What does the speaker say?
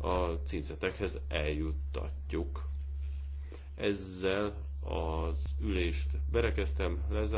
a címzetekhez eljuttatjuk. Ezzel az ülést berekeztem, lezárom.